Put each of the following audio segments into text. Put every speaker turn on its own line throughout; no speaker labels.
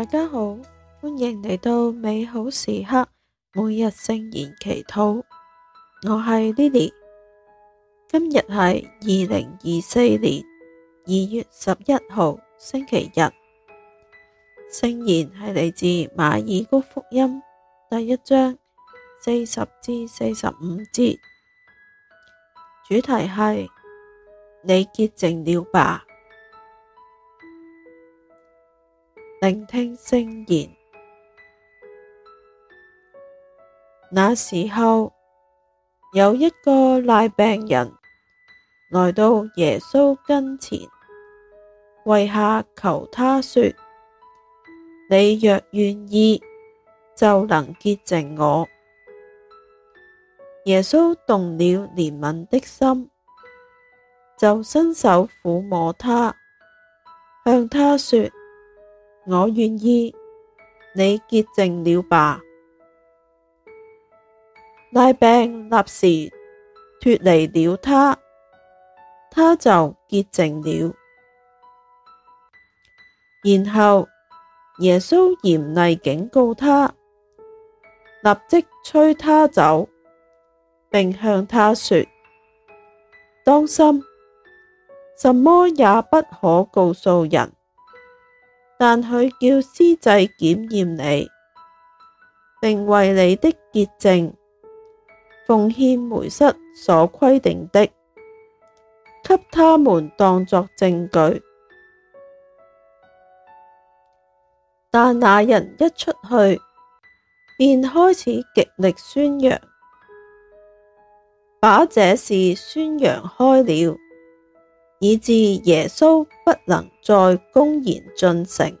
大家好，歡迎嚟到美好時刻每日聖言祈禱。我係 Lily，今日係二零二四年二月十一號星期日。聖言係嚟自馬爾谷福音第一章四十至四十五節，主題係你潔淨了罷。聆聽聖言。那時候，有一個癩病人來到耶穌跟前，跪下求他說：你若願意，就能潔淨我。耶穌動了憐憫的心，就伸手撫摸他，向他說。我願意，你潔淨了罷！癩病立時脫離了他，他就潔淨了。然後耶穌嚴厲警告他，立即催他走，並向他說：當心，什麼也不可告訴人。但佢叫司祭檢驗你，並為你的潔淨奉獻梅瑟所規定的，給他們當作證據。但那人一出去，便開始極力宣揚，把這事宣揚開了。以致耶穌不能再公然進城，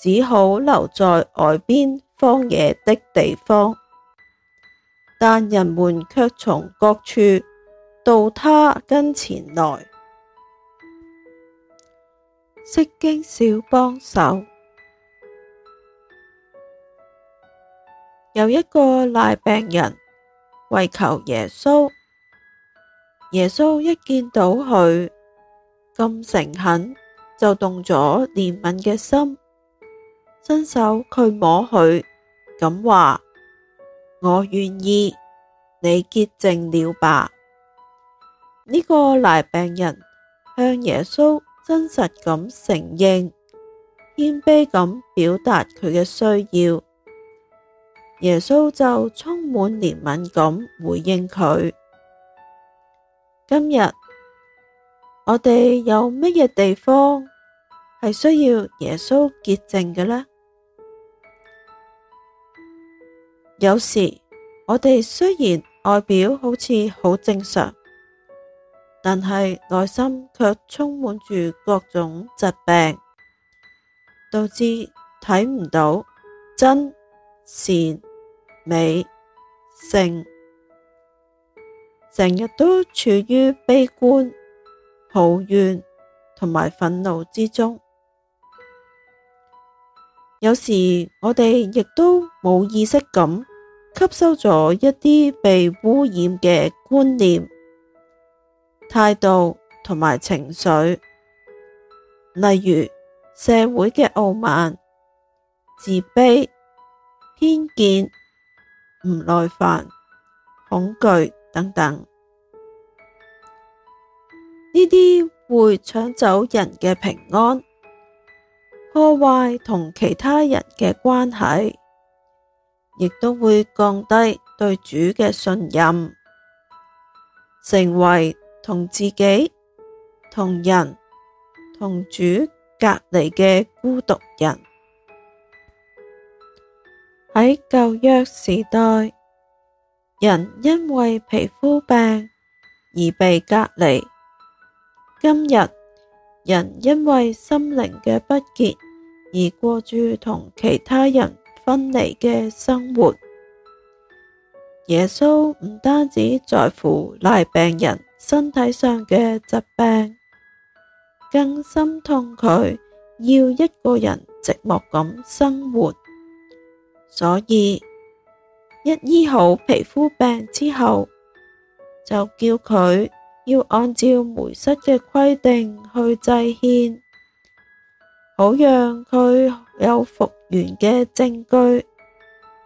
只好留在外邊荒野的地方。但人們卻從各處到他跟前來。釋經小幫手，有一個癩病人跪求耶穌。耶穌一見到佢咁誠懇，就動咗憐憫嘅心，伸手去摸佢，咁話：我願意，你潔淨了吧。呢、這個癩病人向耶穌真實咁承認，謙卑咁表達佢嘅需要，耶穌就充滿憐憫咁回應佢。今日我哋有乜嘢地方係需要耶穌潔淨嘅呢？有時我哋雖然外表好似好正常，但係內心卻充滿住各種疾病，導致睇唔到真、善、美、聖。成日都處於悲觀、抱怨同埋憤怒之中。有時我哋亦都冇意識咁吸收咗一啲被污染嘅觀念、態度同埋情緒，例如社會嘅傲慢、自卑、偏見、唔耐煩、恐懼。等等，呢啲會搶走人嘅平安，破壞同其他人嘅關係，亦都會降低對主嘅信任，成為同自己、同人、同主隔離嘅孤獨人。喺舊約時代。人因為皮膚病而被隔離，今日人因為心靈嘅不潔而過住同其他人分離嘅生活。耶穌唔單止在乎癩病人身體上嘅疾病，更心痛佢要一個人寂寞咁生活，所以，一醫好皮膚病之後，就叫佢要按照梅瑟嘅規定去祭獻，好讓佢有復原嘅證據，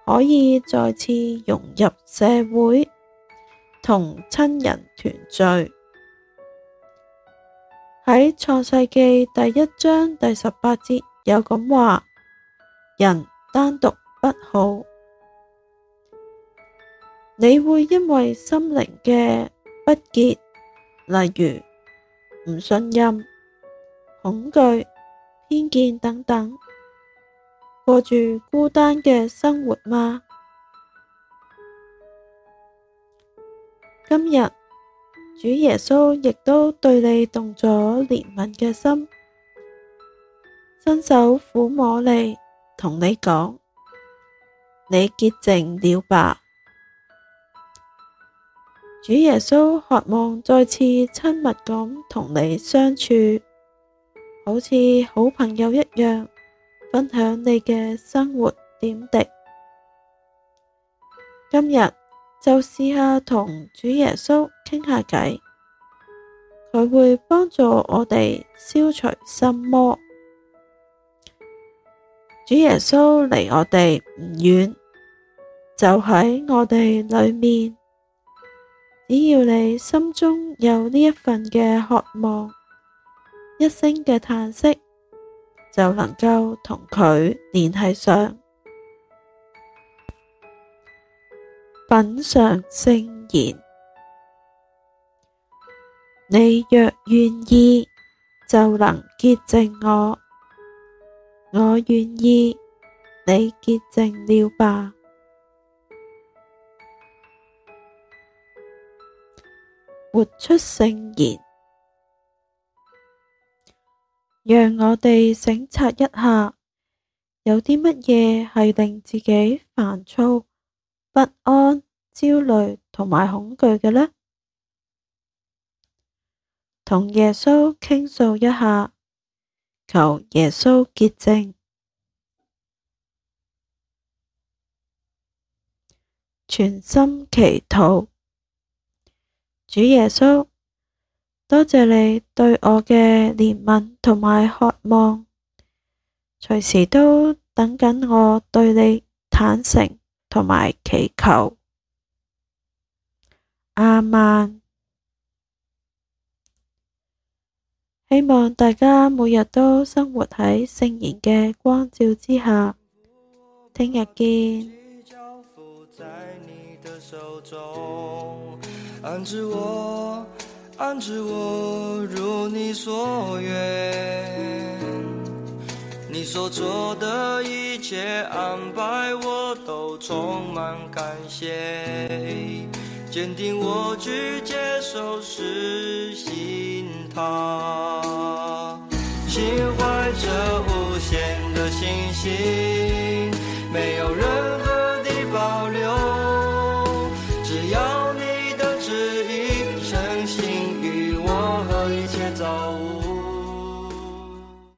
可以再次融入社會，同親人團聚。喺創世紀第一章第十八節有咁話：人單獨不好。你會因為心靈嘅不潔，例如唔信任、恐懼、偏見等等，過住孤單嘅生活嗎？今日主耶穌亦都對你動咗憐憫嘅心，伸手撫摸你，同你講：你潔淨了罷！主耶穌渴望再次親密咁同你相處，好似好朋友一樣，分享你嘅生活點滴。今日就試下同主耶穌傾下偈，佢會幫助我哋消除心魔。主耶穌離我哋唔遠，就喺我哋裏面。只要你心中有呢一份嘅渴望，一聲嘅嘆息就能夠同佢聯繫上，品嘗聖言。你若願意，就能潔淨我，我願意，你潔淨了罷。活出聖言，讓我哋省察一下，有啲乜嘢係令自己煩躁、不安、焦慮同埋恐懼嘅呢？同耶穌傾訴一下，求耶穌潔淨，全心祈禱。主耶穌，多謝你對我嘅憐憫同埋渴望，隨時都等緊我對你坦誠同埋祈求。阿曼，希望大家每日都生活喺聖言嘅光照之下，聽日見。 安置我，安置我，如你所願。你所做的一切安排，我都充滿感謝。堅定我去接受是心，實行他，心懷着無限的信心。